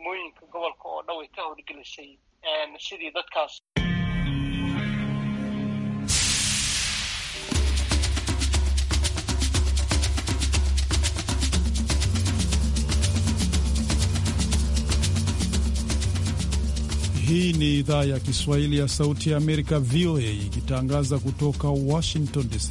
degmooyinka gobolka oo dhan way ka howlgelisay ee, sidii dadkaas Hii ni idhaa ya Kiswahili ya Sauti ya Amerika, VOA, ikitangaza kutoka Washington DC.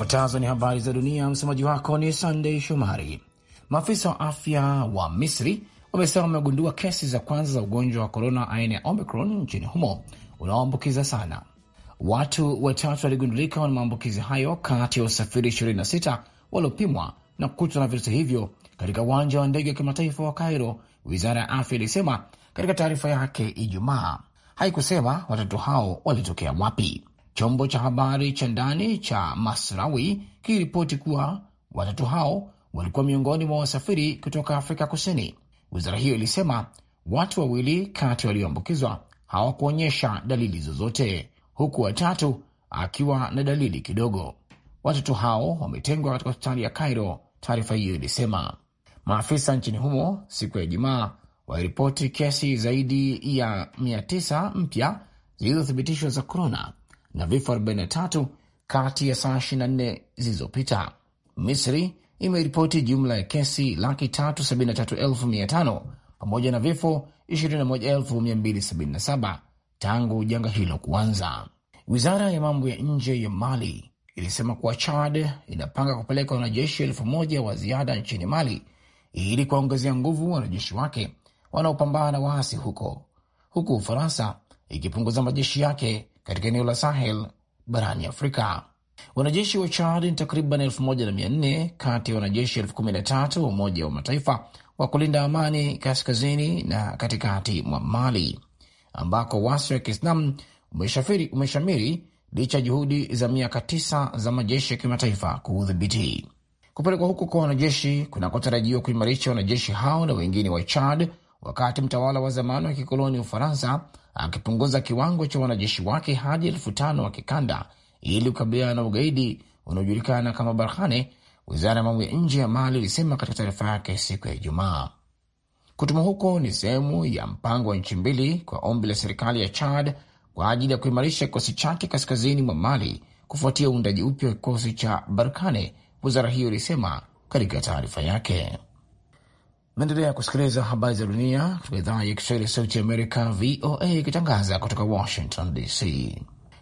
Zifuatazo ni habari za dunia, msemaji wako ni Sandey Shomari. Maafisa wa afya wa Misri wamesema wamegundua kesi za kwanza za ugonjwa wa korona aina ya Omicron nchini humo unaoambukiza sana. Watu watatu waligundulika wana maambukizi hayo kati ya usafiri 26 waliopimwa na kukutwa na virusi hivyo katika uwanja wa ndege wa kimataifa wa Cairo, wizara ya afya ilisema katika taarifa yake Ijumaa. Haikusema watatu hao walitokea wapi. Chombo cha habari cha ndani cha Masrawi kiliripoti kuwa watatu hao walikuwa miongoni mwa wasafiri kutoka Afrika Kusini. Wizara hiyo ilisema watu wawili kati walioambukizwa hawakuonyesha dalili zozote, huku watatu akiwa na dalili kidogo. Watoto hao wametengwa katika hospitali ya Cairo, taarifa hiyo ilisema. Maafisa nchini humo siku ya Ijumaa waliripoti kesi zaidi ya 900 mpya zilizothibitishwa za korona na vifo 43 kati ya saa 24 zilizopita. Misri imeripoti jumla ya kesi laki 373,500 pamoja na vifo 21277 tangu janga hilo kuanza. Wizara ya mambo ya nje ya Mali ilisema kuwa Chad inapanga kupeleka wanajeshi elfu moja wa ziada nchini Mali ili kuwaongezea nguvu wanajeshi wake wanaopambana na waasi huko, huku Ufaransa ikipunguza majeshi yake katika eneo la Sahel barani Afrika. Wanajeshi wa Chad ni takriban 1400 kati ya wanajeshi 13,000 wa Umoja wa Mataifa wa kulinda amani kaskazini na katikati mwa Mali, ambako wasi wa kiislam umeshamiri licha ya juhudi za miaka tisa za majeshi ya kimataifa kuudhibiti. Kupelekwa huko kwa wanajeshi kunakotarajiwa kuimarisha wanajeshi hao na wengine wa Chad, wakati mtawala wa zamani wa kikoloni Ufaransa akipunguza kiwango cha wanajeshi wake hadi elfu tano wa kikanda ili kukabiliana na ugaidi unaojulikana kama Barkhane. Wizara ya mambo ya nje ya Mali ilisema katika taarifa yake siku ya Ijumaa. Kutuma huko ni sehemu ya mpango wa nchi mbili kwa ombi la serikali ya Chad kwa ajili ya kuimarisha kikosi chake kaskazini mwa Mali kufuatia uundaji upya wa kikosi cha Barkane, wizara hiyo ilisema katika taarifa yake. Maendelea kusikiliza habari za dunia kutoka idhaa ya Kiswahili ya sauti Amerika, VOA, ikitangaza kutoka Washington DC.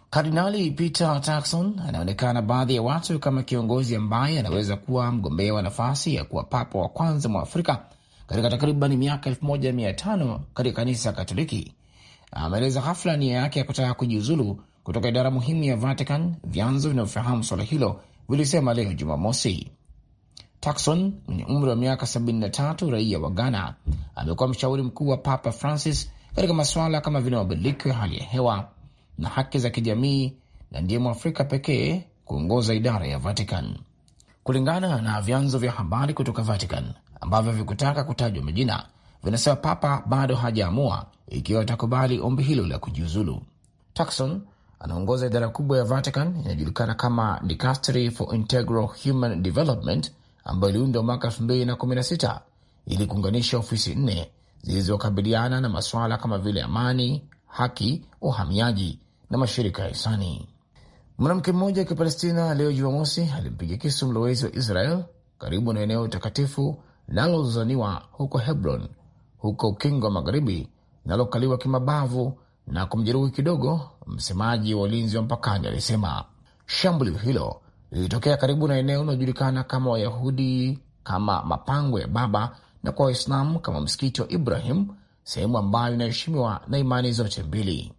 Kardinali Peter Turkson anaonekana baadhi ya watu kama kiongozi ambaye anaweza kuwa mgombea wa nafasi ya kuwa papa wa kwanza mwa Afrika katika takriban miaka 15 katika kanisa Katoliki. Ameeleza hafla nia yake ya kutaka kujiuzulu kutoka idara muhimu ya Vatican, vyanzo vinavyofahamu swala hilo vilisema leo Jumamosi. Takson mwenye umri wa miaka 73 raia wa Ghana amekuwa mshauri mkuu wa Papa Francis katika masuala kama vile mabadiliko ya hali ya hewa na haki za kijamii na ndiye Mwafrika pekee kuongoza idara ya Vatican kulingana na vyanzo vya habari kutoka Vatican ambavyo havikutaka kutajwa majina, vinasema Papa bado hajaamua ikiwa atakubali ombi hilo la kujiuzulu. Takson anaongoza idara kubwa ya Vatican inayojulikana kama Dicastery for Integral Human Development ambayo iliundwa mwaka 2016 ili kuunganisha ofisi nne zilizokabiliana na masuala kama vile amani, haki, uhamiaji na mashirika ya hisani. Mwanamke mmoja wa Kipalestina leo Jumamosi alimpiga kisu mlowezi wa Israel karibu na eneo takatifu linalozozaniwa huko Hebron, huko ukingo wa magharibi linalokaliwa kimabavu na kumjeruhi kidogo, msemaji wa ulinzi wa mpakani alisema. Shambulio hilo lilitokea karibu na eneo linalojulikana kama Wayahudi kama mapango ya Baba na kwa Waislamu kama msikiti wa Ibrahim, sehemu ambayo inaheshimiwa na imani zote mbili.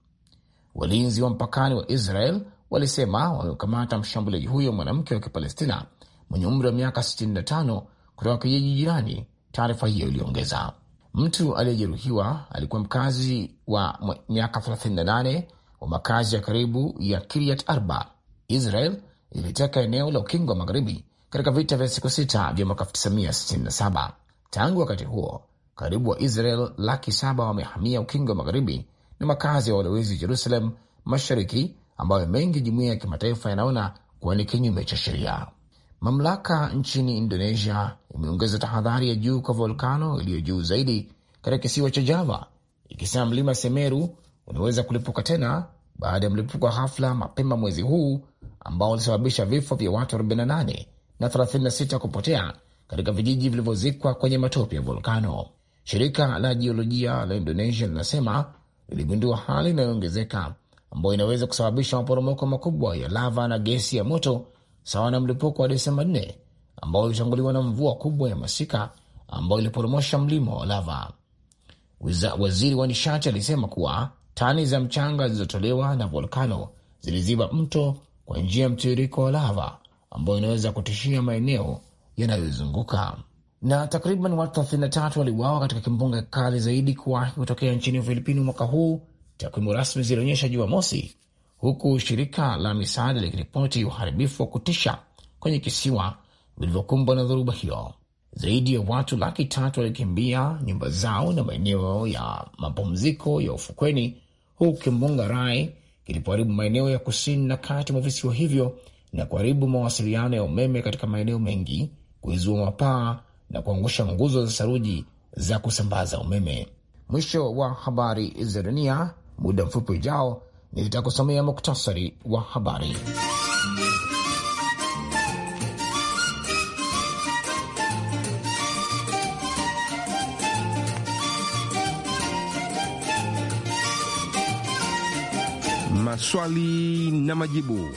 Walinzi wa mpakani wa Israel walisema wamekamata mshambuliaji huyo mwanamke wa Kipalestina mwenye umri wa miaka 65 kutoka kijiji jirani, taarifa hiyo iliongeza. Mtu aliyejeruhiwa alikuwa mkazi wa miaka 38 wa makazi ya karibu ya Kiryat Arba. Israel iliteka eneo la ukingo wa magharibi katika vita vya siku sita vya mwaka 1967. Tangu wakati huo karibu wa Israel laki saba wamehamia ukingo wa magharibi na makazi ya walowezi Jerusalem mashariki ambayo mengi jumuiya ya kimataifa yanaona kuwa ni kinyume cha sheria. Mamlaka nchini Indonesia imeongeza tahadhari ya juu kwa volkano iliyo juu zaidi katika kisiwa cha Java, ikisema mlima Semeru unaweza kulipuka tena baada ya mlipuko wa ghafla mapema mwezi huu ambao ulisababisha vifo vya watu 48 na 36 kupotea katika vijiji vilivyozikwa kwenye matope ya volkano. Shirika la jiolojia la Indonesia linasema liligundua hali inayoongezeka ambayo inaweza kusababisha maporomoko makubwa ya lava na gesi ya moto sawa na mlipuko wa Desemba 4 ambao ulitanguliwa na mvua kubwa ya masika ambayo iliporomosha mlima wa lava. Waziri wa nishati alisema kuwa tani za mchanga zilizotolewa na volkano ziliziba mto kwa njia ya mtiririko wa lava ambayo inaweza kutishia maeneo yanayozunguka. Na takriban watu 33 waliuawa katika kimbunga kikali zaidi kuwahi kutokea nchini Ufilipini mwaka huu, takwimu rasmi zilionyesha Jumamosi, huku shirika la misaada likiripoti uharibifu wa kutisha kwenye kisiwa vilivyokumbwa na dhoruba hiyo. Zaidi ya watu laki tatu walikimbia nyumba zao na maeneo ya mapumziko ya ufukweni, huku kimbunga Rai ilipoharibu maeneo ya kusini na kati mwa visiwa hivyo na kuharibu mawasiliano ya umeme katika maeneo mengi, kuizua mapaa na kuangusha nguzo za saruji za kusambaza umeme. Mwisho wa habari za dunia. Muda mfupi ujao nilitakusomea muktasari wa habari. maswali na majibu.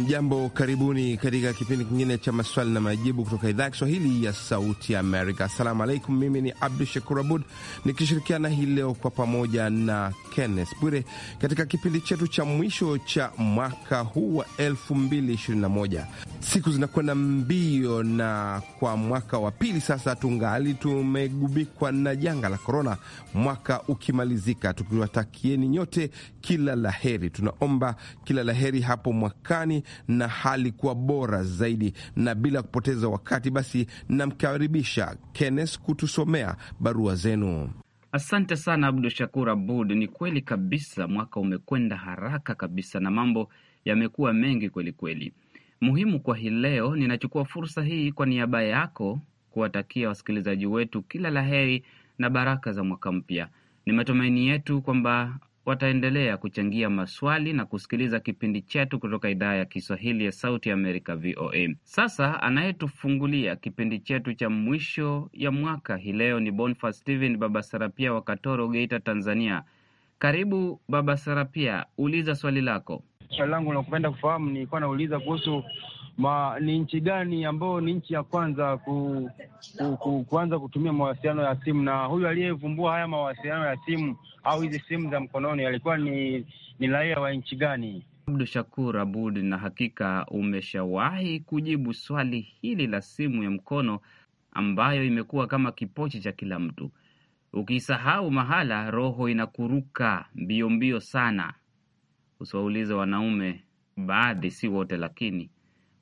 Hamjambo, karibuni katika kipindi kingine cha maswali na majibu kutoka idhaa ya Kiswahili ya Sauti Amerika. Assalamu alaikum, mimi ni Abdu Shakur Abud nikishirikiana hii leo kwa pamoja na Kenneth Bwire katika kipindi chetu cha mwisho cha mwaka huu wa 2021. Siku zinakwenda mbio, na kwa mwaka wa pili sasa tungali tumegubikwa na janga la korona, mwaka ukimalizika, tukiwatakieni nyote kila laheri. Tunaomba kila laheri hapo mwakani na hali kuwa bora zaidi. Na bila kupoteza wakati, basi namkaribisha Kenneth kutusomea barua zenu. Asante sana Abdu Shakur Abud. Ni kweli kabisa, mwaka umekwenda haraka kabisa na mambo yamekuwa mengi kweli kweli. Muhimu kwa hii leo, ninachukua fursa hii kwa niaba yako kuwatakia wasikilizaji wetu kila la heri na baraka za mwaka mpya. Ni matumaini yetu kwamba wataendelea kuchangia maswali na kusikiliza kipindi chetu kutoka idhaa ya Kiswahili ya Sauti ya Amerika, VOA. Sasa anayetufungulia kipindi chetu cha mwisho ya mwaka hii leo ni Bonfa Steven Baba Sarapia wa Katoro, Geita, Tanzania. Karibu Baba Sarapia, uliza swali lako. Swali langu nakupenda kufahamu, nilikuwa nauliza kuhusu ma, ni nchi gani ambayo ni nchi ya kwanza ku, ku, ku, kuanza kutumia mawasiliano ya simu, na huyu aliyevumbua haya mawasiliano ya simu au hizi simu za mkononi alikuwa ni, ni raia wa nchi gani? Abdu Shakur Abud, na hakika umeshawahi kujibu swali hili la simu ya mkono ambayo imekuwa kama kipochi cha kila mtu. Ukisahau mahala, roho inakuruka mbio mbio sana. Usiwaulize wanaume, baadhi si wote, lakini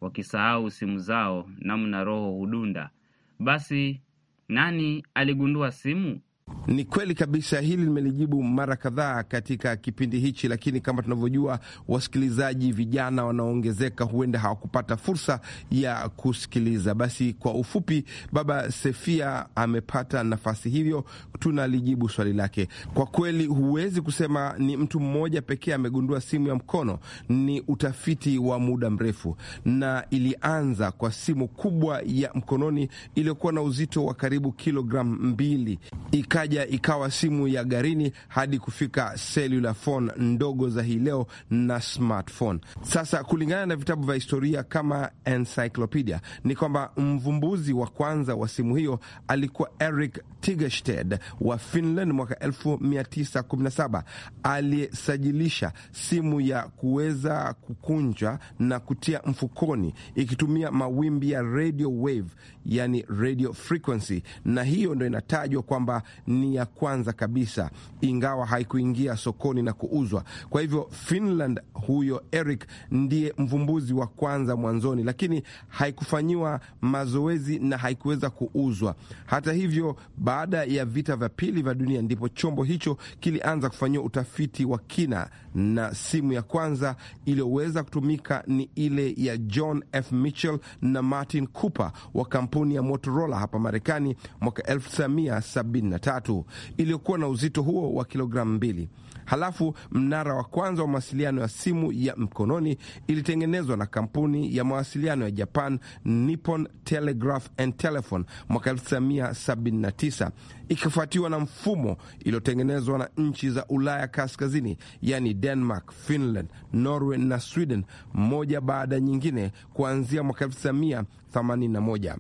wakisahau simu zao namna roho hudunda. Basi nani aligundua simu? Ni kweli kabisa, hili limelijibu mara kadhaa katika kipindi hichi, lakini kama tunavyojua, wasikilizaji vijana wanaoongezeka huenda hawakupata fursa ya kusikiliza. Basi kwa ufupi, Baba Sefia amepata nafasi, hivyo tunalijibu swali lake. Kwa kweli, huwezi kusema ni mtu mmoja pekee amegundua simu ya mkono. Ni utafiti wa muda mrefu, na ilianza kwa simu kubwa ya mkononi iliyokuwa na uzito wa karibu kilogramu mbili Ika ikaja ikawa simu ya garini hadi kufika cellular phone ndogo za hii leo na smartphone. Sasa kulingana na vitabu vya historia kama encyclopedia, ni kwamba mvumbuzi wa kwanza wa simu hiyo alikuwa Eric Tigersted wa Finland mwaka 1917 aliyesajilisha simu ya kuweza kukunja na kutia mfukoni ikitumia mawimbi ya radio wave, yani radio frequency, na hiyo ndo inatajwa kwamba ni ya kwanza kabisa, ingawa haikuingia sokoni na kuuzwa. Kwa hivyo Finland, huyo Eric ndiye mvumbuzi wa kwanza mwanzoni, lakini haikufanyiwa mazoezi na haikuweza kuuzwa. Hata hivyo, baada ya vita vya pili vya dunia ndipo chombo hicho kilianza kufanyiwa utafiti wa kina, na simu ya kwanza iliyoweza kutumika ni ile ya John F. Mitchell na Martin Cooper wa kampuni ya Motorola hapa Marekani mwaka 1973 tatu iliyokuwa na uzito huo wa kilogramu mbili. Halafu mnara wa kwanza wa mawasiliano ya simu ya mkononi ilitengenezwa na kampuni ya mawasiliano ya Japan Nippon Telegraph and Telephone mwaka 1979 ikifuatiwa na mfumo iliyotengenezwa na nchi za Ulaya kaskazini, yani Denmark, Finland, Norway na Sweden, moja baada nyingine kuanzia mwaka 1981.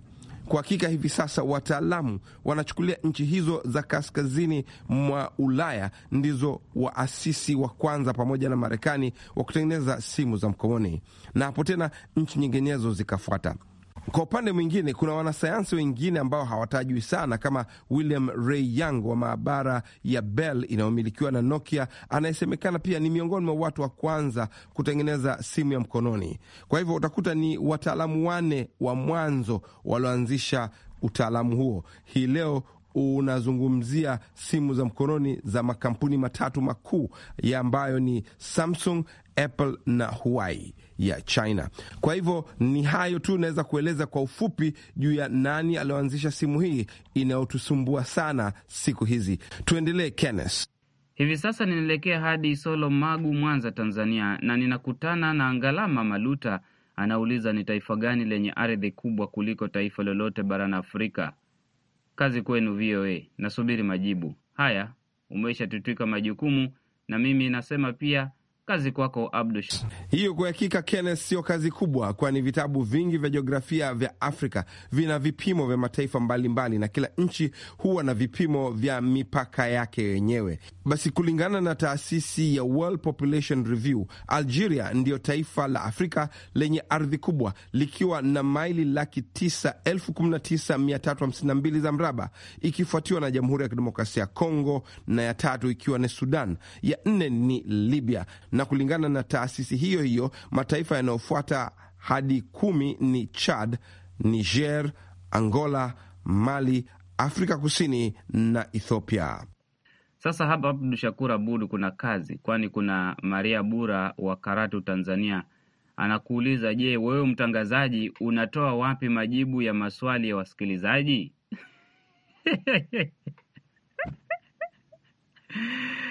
Kwa hakika hivi sasa wataalamu wanachukulia nchi hizo za kaskazini mwa Ulaya ndizo waasisi wa kwanza pamoja na Marekani wa kutengeneza simu za mkononi, na hapo tena nchi nyinginezo zikafuata. Kwa upande mwingine, kuna wanasayansi wengine ambao hawatajwi sana kama William Ray Young wa maabara ya Bell inayomilikiwa na Nokia, anayesemekana pia ni miongoni mwa watu wa kwanza kutengeneza simu ya mkononi. Kwa hivyo utakuta ni wataalamu wane wa mwanzo walioanzisha utaalamu huo. Hii leo unazungumzia simu za mkononi za makampuni matatu makuu ya ambayo ni Samsung, Apple na Huawei ya China. Kwa hivyo ni hayo tu naweza kueleza kwa ufupi juu ya nani aliyoanzisha simu hii inayotusumbua sana siku hizi. Tuendelee, Kenneth. Hivi sasa ninaelekea hadi solo Magu, Mwanza, Tanzania, na ninakutana na Ngalama Maluta. Anauliza, ni taifa gani lenye ardhi kubwa kuliko taifa lolote barani Afrika? Kazi kwenu VOA, nasubiri majibu. Haya, umeshatutwika majukumu, na mimi nasema pia Kazi kwako Abdu. Hiyo kwa hakika, Kenneth, sio kazi kubwa, kwani vitabu vingi vya jiografia vya Afrika vina vipimo vya mataifa mbalimbali mbali, na kila nchi huwa na vipimo vya mipaka yake yenyewe. Basi kulingana na taasisi ya World Population Review, Algeria ndiyo taifa la Afrika lenye ardhi kubwa likiwa na maili laki tisa elfu kumi na tisa mia tatu hamsini na mbili za mraba, ikifuatiwa na Jamhuri ya Kidemokrasia ya Kongo na ya tatu ikiwa ni Sudan, ya nne ni Libya na kulingana na taasisi hiyo hiyo mataifa yanayofuata hadi kumi ni Chad, Niger, Angola, Mali, Afrika Kusini na Ethiopia. Sasa hapa Abdu Shakur Abud, kuna kazi, kwani kuna Maria Bura wa Karatu, Tanzania, anakuuliza je, wewe mtangazaji unatoa wapi majibu ya maswali ya wasikilizaji?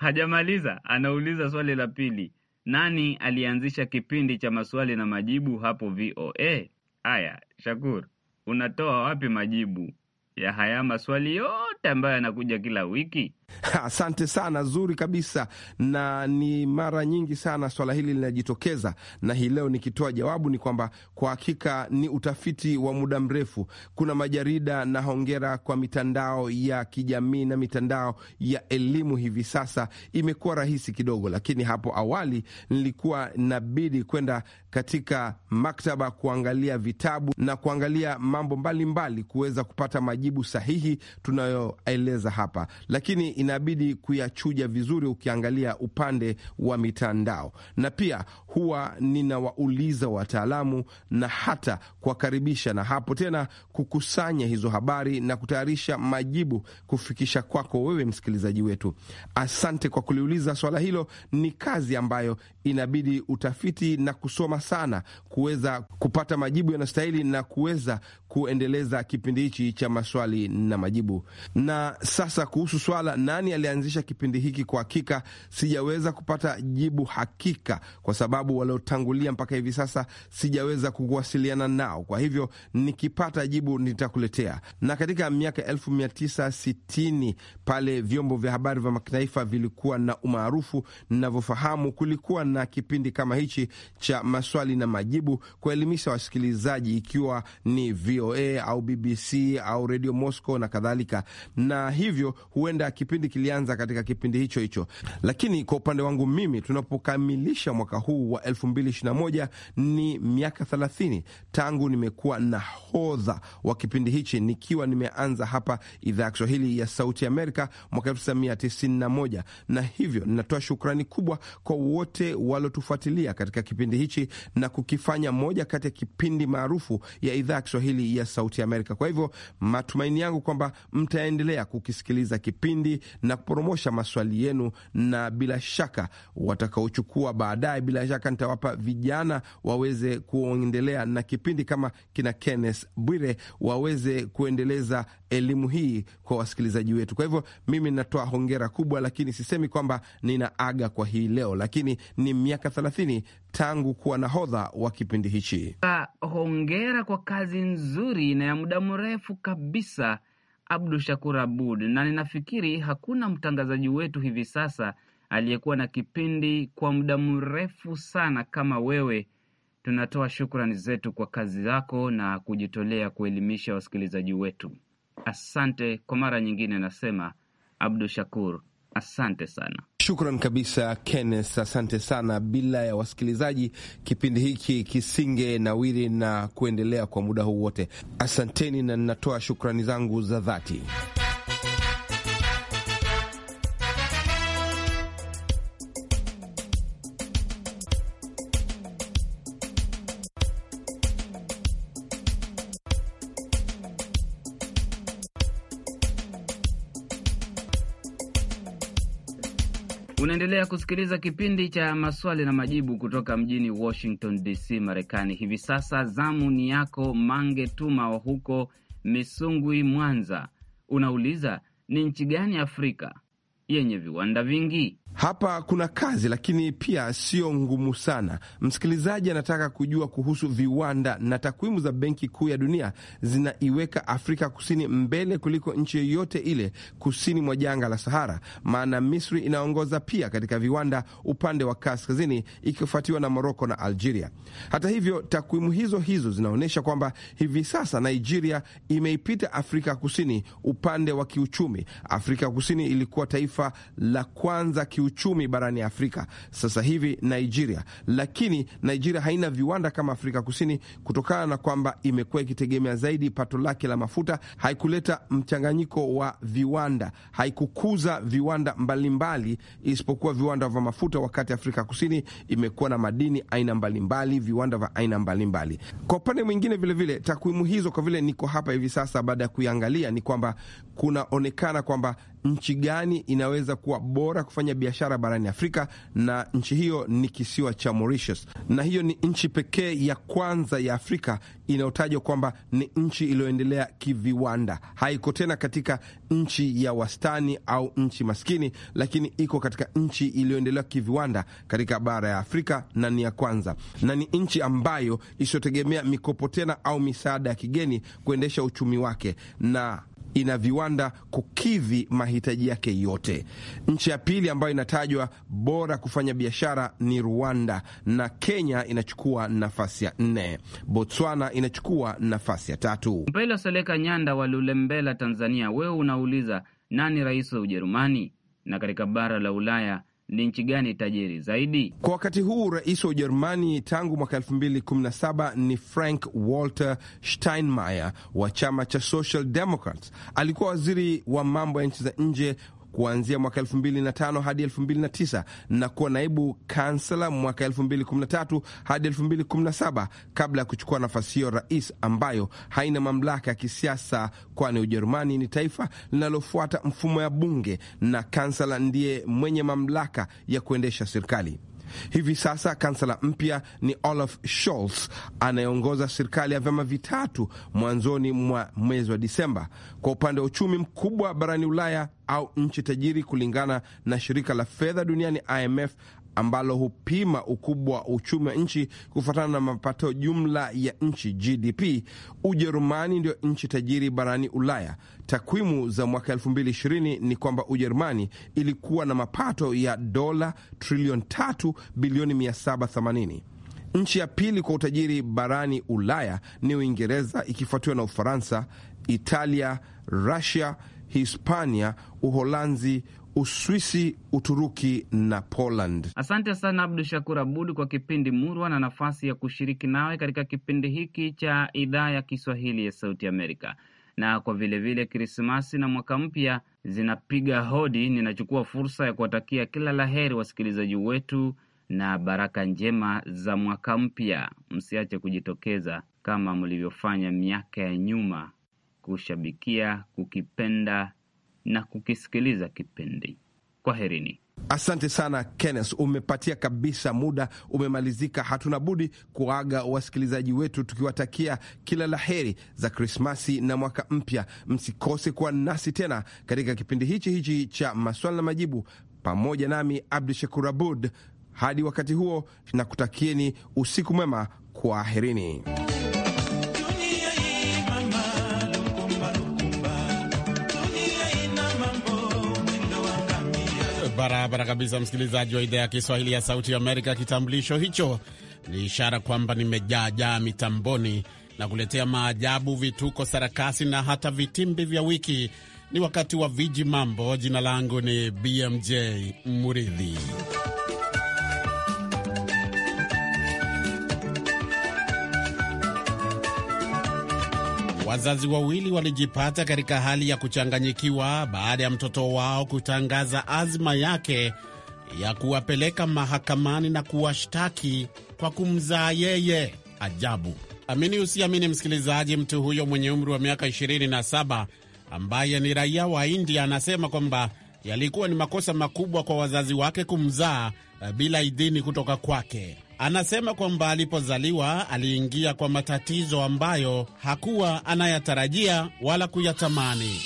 Hajamaliza, anauliza swali la pili nani alianzisha kipindi cha maswali na majibu hapo VOA? Aya, Shakur, unatoa wapi majibu ya haya maswali yote ambayo yanakuja kila wiki? Asante sana, zuri kabisa, na ni mara nyingi sana swala hili linajitokeza, na hii leo nikitoa jawabu ni kwamba kwa hakika ni utafiti wa muda mrefu. Kuna majarida na hongera kwa mitandao ya kijamii na mitandao ya elimu, hivi sasa imekuwa rahisi kidogo, lakini hapo awali nilikuwa nabidi kwenda katika maktaba kuangalia vitabu na kuangalia mambo mbalimbali kuweza kupata majibu sahihi tunayoeleza hapa, lakini inabidi kuyachuja vizuri, ukiangalia upande wa mitandao na pia huwa ninawauliza wataalamu na hata kuwakaribisha, na hapo tena kukusanya hizo habari na kutayarisha majibu kufikisha kwako wewe msikilizaji wetu. Asante kwa kuliuliza swala hilo. Ni kazi ambayo inabidi utafiti na kusoma sana kuweza kupata majibu yanayostahili na kuweza kuendeleza kipindi hichi cha maswali na majibu. Na sasa kuhusu swala nani alianzisha kipindi hiki, kwa hakika sijaweza kupata jibu hakika kwa sababu sababu waliotangulia mpaka hivi sasa sijaweza kuwasiliana nao. Kwa hivyo nikipata jibu nitakuletea. Na katika miaka elfu pale vyombo vya habari vya mataifa vilikuwa na umaarufu ninavyofahamu, kulikuwa na kipindi kama hichi cha maswali na majibu kuelimisha wasikilizaji, ikiwa ni VOA au BBC au Radio Moscow na kadhalika, na hivyo huenda kipindi kilianza katika kipindi hicho hicho, lakini kwa upande wangu mimi tunapokamilisha mwaka huu wa 2021 ni miaka 30 tangu nimekuwa nahodha wa kipindi hichi nikiwa nimeanza hapa idhaa ya Kiswahili ya Sauti Amerika mwaka 1991, na hivyo ninatoa shukrani kubwa kwa wote waliotufuatilia katika kipindi hichi na kukifanya moja kati ya kipindi maarufu ya idhaa ya Kiswahili ya Sauti Amerika. Kwa hivyo matumaini yangu kwamba mtaendelea kukisikiliza kipindi na kuporomosha maswali yenu, na bila shaka watakaochukua baadaye, bila shaka shaka nitawapa vijana waweze kuendelea na kipindi kama kina Kenneth Bwire waweze kuendeleza elimu hii kwa wasikilizaji wetu. Kwa hivyo mimi natoa hongera kubwa, lakini sisemi kwamba nina aga kwa hii leo, lakini ni miaka thelathini tangu kuwa nahodha wa kipindi hichi. Ah, hongera kwa kazi nzuri na ya muda mrefu kabisa, Abdu Shakur Abud, na ninafikiri hakuna mtangazaji wetu hivi sasa aliyekuwa na kipindi kwa muda mrefu sana kama wewe. Tunatoa shukrani zetu kwa kazi zako na kujitolea kuelimisha wasikilizaji wetu. Asante kwa mara nyingine, nasema Abdu Shakur, asante sana. Shukran kabisa Kenneth, asante sana. Bila ya wasikilizaji, kipindi hiki kisinge nawiri na kuendelea kwa muda huu wote. Asanteni na ninatoa shukrani zangu za dhati. Unaendelea kusikiliza kipindi cha maswali na majibu kutoka mjini Washington DC, Marekani. Hivi sasa zamu ni yako Mange Tuma wa huko Misungwi, Mwanza. Unauliza, ni nchi gani Afrika yenye viwanda vingi? Hapa kuna kazi lakini pia sio ngumu sana. Msikilizaji anataka kujua kuhusu viwanda, na takwimu za Benki Kuu ya Dunia zinaiweka Afrika Kusini mbele kuliko nchi yoyote ile kusini mwa jangwa la Sahara, maana Misri inaongoza pia katika viwanda upande wa kaskazini, ikifuatiwa na Moroko na Algeria. Hata hivyo, takwimu hizo hizo zinaonyesha kwamba hivi sasa Nigeria imeipita Afrika Kusini upande wa kiuchumi. Afrika Kusini ilikuwa taifa la kwanza kiuchumi kiuchumi barani Afrika sasa hivi Nigeria, lakini Nigeria haina viwanda kama Afrika Kusini kutokana na kwamba imekuwa ikitegemea zaidi pato lake la mafuta. Haikuleta mchanganyiko wa viwanda, haikukuza viwanda mbalimbali isipokuwa viwanda vya mafuta, wakati Afrika Kusini imekuwa na madini aina mbalimbali, viwanda vya aina mbalimbali. Kwa upande mwingine vilevile, takwimu hizo kwa vile niko hapa hivi sasa, baada ya kuiangalia, ni kwamba kunaonekana kwamba nchi gani inaweza kuwa bora kufanya biashara barani Afrika, na nchi hiyo ni kisiwa cha Mauritius, na hiyo ni nchi pekee ya kwanza ya Afrika inayotajwa kwamba ni nchi iliyoendelea kiviwanda. Haiko tena katika nchi ya wastani au nchi maskini, lakini iko katika nchi iliyoendelea kiviwanda katika bara ya Afrika na ni ya kwanza, na ni nchi ambayo isiyotegemea mikopo tena au misaada ya kigeni kuendesha uchumi wake na ina viwanda kukidhi mahitaji yake yote. Nchi ya pili ambayo inatajwa bora kufanya biashara ni Rwanda na Kenya inachukua nafasi ya nne. Botswana inachukua nafasi ya tatu. Mpela Seleka Nyanda wa Lulembela, Tanzania, wewe unauliza nani rais wa Ujerumani? Na katika bara la Ulaya ni nchi gani tajiri zaidi kwa wakati huu? Rais wa Ujerumani tangu mwaka 2017 ni Frank Walter Steinmeier wa chama cha Social Democrats. Alikuwa waziri wa mambo ya nchi za nje kuanzia mwaka 2005 hadi 2009 na kuwa naibu kansela mwaka 2013 hadi 2017 kabla ya kuchukua nafasi hiyo rais, ambayo haina mamlaka ya kisiasa, kwani Ujerumani ni taifa linalofuata mfumo ya bunge na kansela ndiye mwenye mamlaka ya kuendesha serikali. Hivi sasa kansela mpya ni Olaf Scholz anayeongoza serikali ya vyama vitatu mwanzoni mwa mwezi wa Disemba. Kwa upande wa uchumi mkubwa barani Ulaya au nchi tajiri, kulingana na shirika la fedha duniani IMF, ambalo hupima ukubwa wa uchumi wa nchi kufuatana na mapato jumla ya nchi GDP. Ujerumani ndio nchi tajiri barani Ulaya. Takwimu za mwaka 2020 ni kwamba Ujerumani ilikuwa na mapato ya dola trilioni 3 bilioni 780. Nchi ya pili kwa utajiri barani Ulaya ni Uingereza, ikifuatiwa na Ufaransa, Italia, Rusia, Hispania, Uholanzi, Uswisi, Uturuki na Poland. Asante sana Abdu Shakur Abud kwa kipindi murwa na nafasi ya kushiriki nawe katika kipindi hiki cha idhaa ya Kiswahili ya Sauti Amerika. Na kwa vilevile Krismasi na mwaka mpya zinapiga hodi, ninachukua fursa ya kuwatakia kila la heri wasikilizaji wetu na baraka njema za mwaka mpya. Msiache kujitokeza kama mlivyofanya miaka ya nyuma kushabikia kukipenda na kukisikiliza kipindi. Kwaherini. Asante sana Kenneth, umepatia kabisa, muda umemalizika. Hatuna budi kuaga wasikilizaji wetu tukiwatakia kila la heri za Krismasi na mwaka mpya. Msikose kuwa nasi tena katika kipindi hichi hichi cha maswali na majibu, pamoja nami Abdu Shakur Abud. Hadi wakati huo, na kutakieni usiku mwema, kwaherini. barabara kabisa, msikilizaji wa idhaa ya Kiswahili ya Sauti ya Amerika. Kitambulisho hicho ni ishara kwamba nimejaajaa mitamboni na kuletea maajabu, vituko, sarakasi na hata vitimbi vya wiki. Ni wakati wa viji mambo. Jina langu ni BMJ Muridhi. Wazazi wawili walijipata katika hali ya kuchanganyikiwa baada ya mtoto wao kutangaza azma yake ya kuwapeleka mahakamani na kuwashtaki kwa kumzaa yeye. Ajabu! Amini usiamini, msikilizaji, mtu huyo mwenye umri wa miaka 27 ambaye ni raia wa India anasema kwamba yalikuwa ni makosa makubwa kwa wazazi wake kumzaa eh, bila idhini kutoka kwake. Anasema kwamba alipozaliwa aliingia kwa matatizo ambayo hakuwa anayatarajia wala kuyatamani.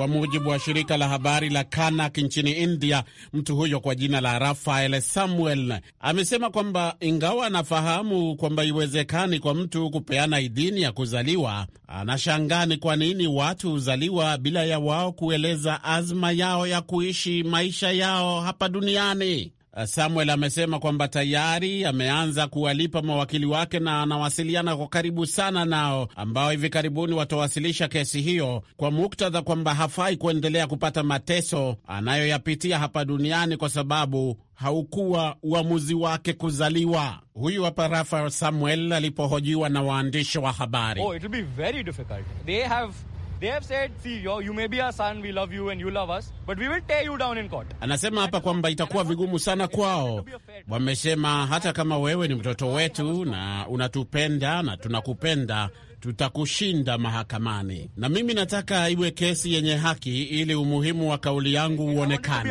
Kwa mujibu wa shirika la habari la Kanak nchini India, mtu huyo kwa jina la Rafael Samuel amesema kwamba ingawa anafahamu kwamba iwezekani kwa mtu kupeana idhini ya kuzaliwa, anashangaa ni kwa nini watu huzaliwa bila ya wao kueleza azma yao ya kuishi maisha yao hapa duniani. Eh, Samuel amesema kwamba tayari ameanza kuwalipa mawakili wake na anawasiliana kwa karibu sana nao, ambao hivi karibuni watawasilisha kesi hiyo kwa muktadha kwamba hafai kuendelea kupata mateso anayoyapitia hapa duniani kwa sababu haukuwa uamuzi wake kuzaliwa. Huyu hapa Rafael Samuel alipohojiwa na waandishi wa habari. Oh, Anasema hapa kwamba itakuwa vigumu sana kwao. Wamesema hata kama wewe ni mtoto wetu na unatupenda na tunakupenda tutakushinda mahakamani, na mimi nataka iwe kesi yenye haki ili umuhimu wa kauli yangu uonekane.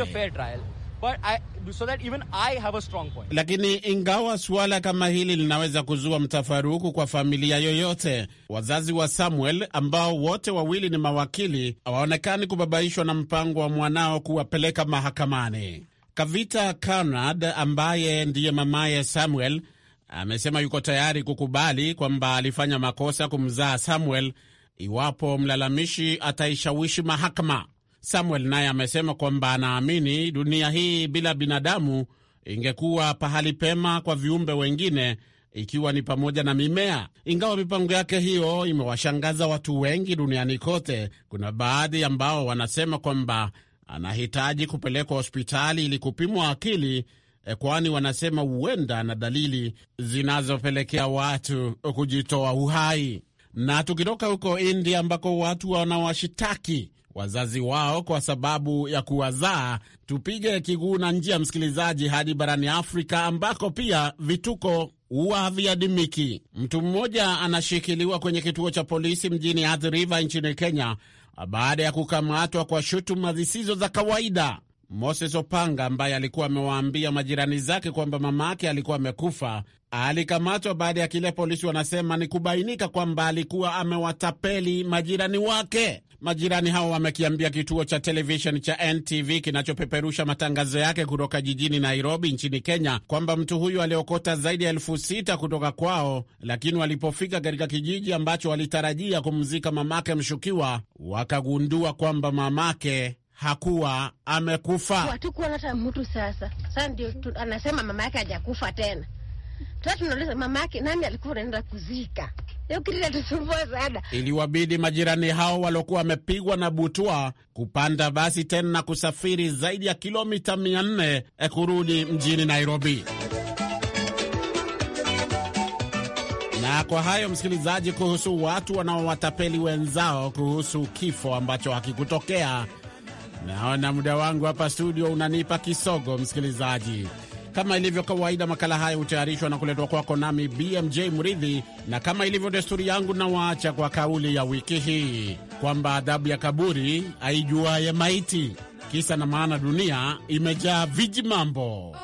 But I, so that even I have a strong point. Lakini ingawa suala kama hili linaweza kuzua mtafaruku kwa familia yoyote, wazazi wa Samuel ambao wote wawili ni mawakili hawaonekani kubabaishwa na mpango wa mwanao kuwapeleka mahakamani. Kavita Conrad ambaye ndiye mamaye Samuel amesema yuko tayari kukubali kwamba alifanya makosa kumzaa Samuel iwapo mlalamishi ataishawishi mahakama. Samuel naye amesema kwamba anaamini dunia hii bila binadamu ingekuwa pahali pema kwa viumbe wengine ikiwa ni pamoja na mimea. Ingawa mipango yake hiyo imewashangaza watu wengi duniani kote, kuna baadhi ambao wanasema kwamba anahitaji kupelekwa hospitali ili kupimwa akili, eh, kwani wanasema huenda na dalili zinazopelekea watu kujitoa uhai. Na tukitoka huko India ambako watu wanawashitaki wazazi wao kwa sababu ya kuwazaa. Tupige kiguu na njia, msikilizaji, hadi barani Afrika ambako pia vituko huwa haviadimiki. Mtu mmoja anashikiliwa kwenye kituo cha polisi mjini Athi River nchini Kenya baada ya kukamatwa kwa shutuma zisizo za kawaida. Moses Opanga ambaye alikuwa amewaambia majirani zake kwamba mama yake alikuwa amekufa alikamatwa baada ya kile polisi wanasema ni kubainika kwamba alikuwa amewatapeli majirani wake. Majirani hao wamekiambia kituo cha televisheni cha NTV kinachopeperusha matangazo yake kutoka jijini Nairobi nchini Kenya kwamba mtu huyu aliokota zaidi ya elfu sita kutoka kwao, lakini walipofika katika kijiji ambacho walitarajia kumzika mamake mshukiwa, wakagundua kwamba mamake hakuwa amekufa. hata mtu sasa. Sasa ndio anasema mama yake hajakufa tena. Sasa tunauliza mama yake nani alikuwa anaenda kuzika? Iliwabidi majirani hao waliokuwa wamepigwa na butwa kupanda basi tena na kusafiri zaidi ya kilomita 400 eh, kurudi mjini Nairobi. Na kwa hayo, msikilizaji, kuhusu watu wanaowatapeli wenzao kuhusu kifo ambacho hakikutokea Naona muda wangu hapa studio unanipa kisogo, msikilizaji. Kama ilivyo kawaida, makala haya hutayarishwa na kuletwa kwako nami BMJ Mridhi, na kama ilivyo desturi yangu, nawaacha kwa kauli ya wiki hii kwamba adhabu ya kaburi aijuaye maiti. Kisa na maana, dunia imejaa viji mambo.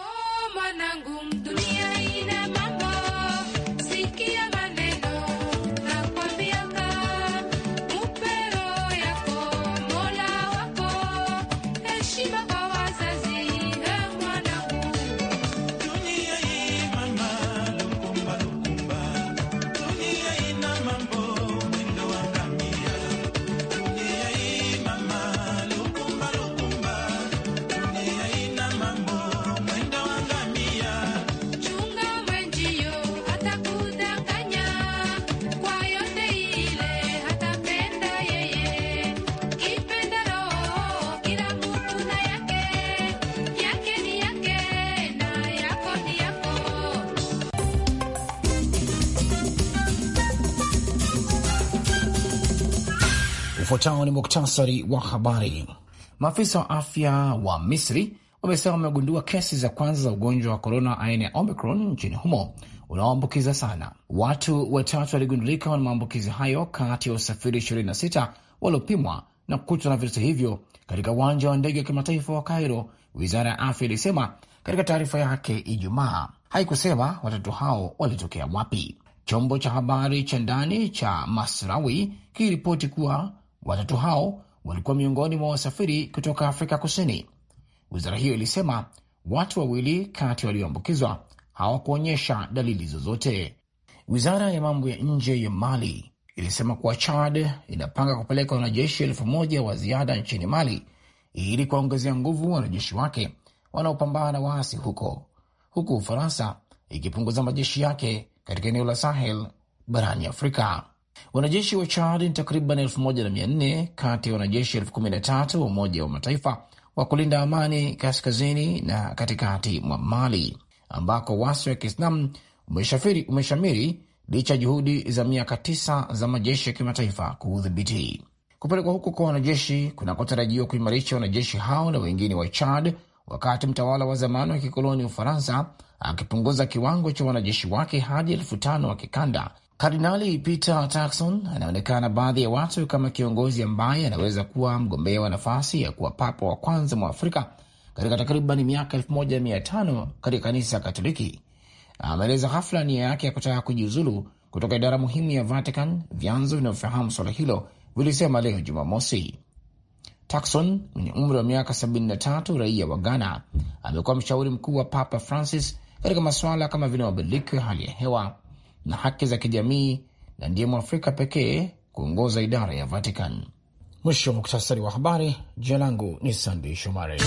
Ufuatao ni muktasari wa habari. Maafisa wa afya wa Misri wamesema wamegundua kesi za kwanza za ugonjwa wa korona aina ya Omicron nchini humo unaoambukiza sana. Watu watatu waligundulika na maambukizi hayo kati ya usafiri 26 waliopimwa na kukutwa na virusi hivyo katika uwanja wa ndege wa kimataifa wa Cairo, wizara ya afya ilisema katika taarifa yake Ijumaa. Haikusema watatu hao walitokea wapi. Chombo cha habari cha ndani cha Masrawi kiliripoti kuwa watatu hao walikuwa miongoni mwa wasafiri kutoka Afrika Kusini. Wizara hiyo ilisema watu wawili kati walioambukizwa hawakuonyesha dalili zozote. Wizara ya mambo ya nje ya Mali ilisema kuwa Chad inapanga kupeleka wanajeshi elfu moja wa ziada nchini Mali ili kuwaongezea nguvu wanajeshi wake wanaopambana na waasi huko, huku Ufaransa ikipunguza majeshi yake katika eneo la Sahel barani Afrika. Wanajeshi wa Chad ni takriban elfu moja na mia nne kati ya wanajeshi elfu kumi na tatu wa Umoja wa Mataifa wa kulinda amani kaskazini na katikati mwa Mali ambako wasi wa umeshafiri umeshamiri licha ya juhudi za miaka tisa za majeshi ya kimataifa kuudhibiti. Kupelekwa huko kwa wanajeshi kunakotarajiwa kuimarisha wanajeshi hao na wengine wa Chad, wakati mtawala wa zamani wa kikoloni Ufaransa akipunguza kiwango cha wanajeshi wake hadi elfu tano wa kikanda Kardinali Peter Turkson anaonekana baadhi ya watu kama kiongozi ambaye anaweza kuwa mgombea wa nafasi ya kuwa papa wa kwanza mwa Afrika katika takriban miaka 15 katika kanisa Katoliki. Ameeleza hafla nia yake ya kutaka kujiuzulu kutoka idara muhimu ya Vatican, vyanzo vinavyofahamu swala hilo vilisema leo Jumamosi. Takson mwenye umri wa miaka 73, raia wa Ghana, amekuwa mshauri mkuu wa Papa Francis katika masuala kama vile mabadiliko ya hali ya hewa na haki za kijamii na ndiye mwafrika pekee kuongoza idara ya Vatican. Mwisho wa muktasari wa habari. Jina langu ni Sandei Shomare,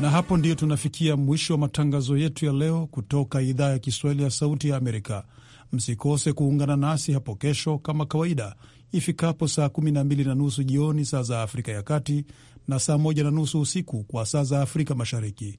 na hapo ndiyo tunafikia mwisho wa matangazo yetu ya leo kutoka idhaa ya Kiswahili ya Sauti ya Amerika. Msikose kuungana nasi hapo kesho kama kawaida ifikapo saa 12 na nusu jioni saa za Afrika ya Kati na saa 1 na nusu usiku kwa saa za Afrika Mashariki.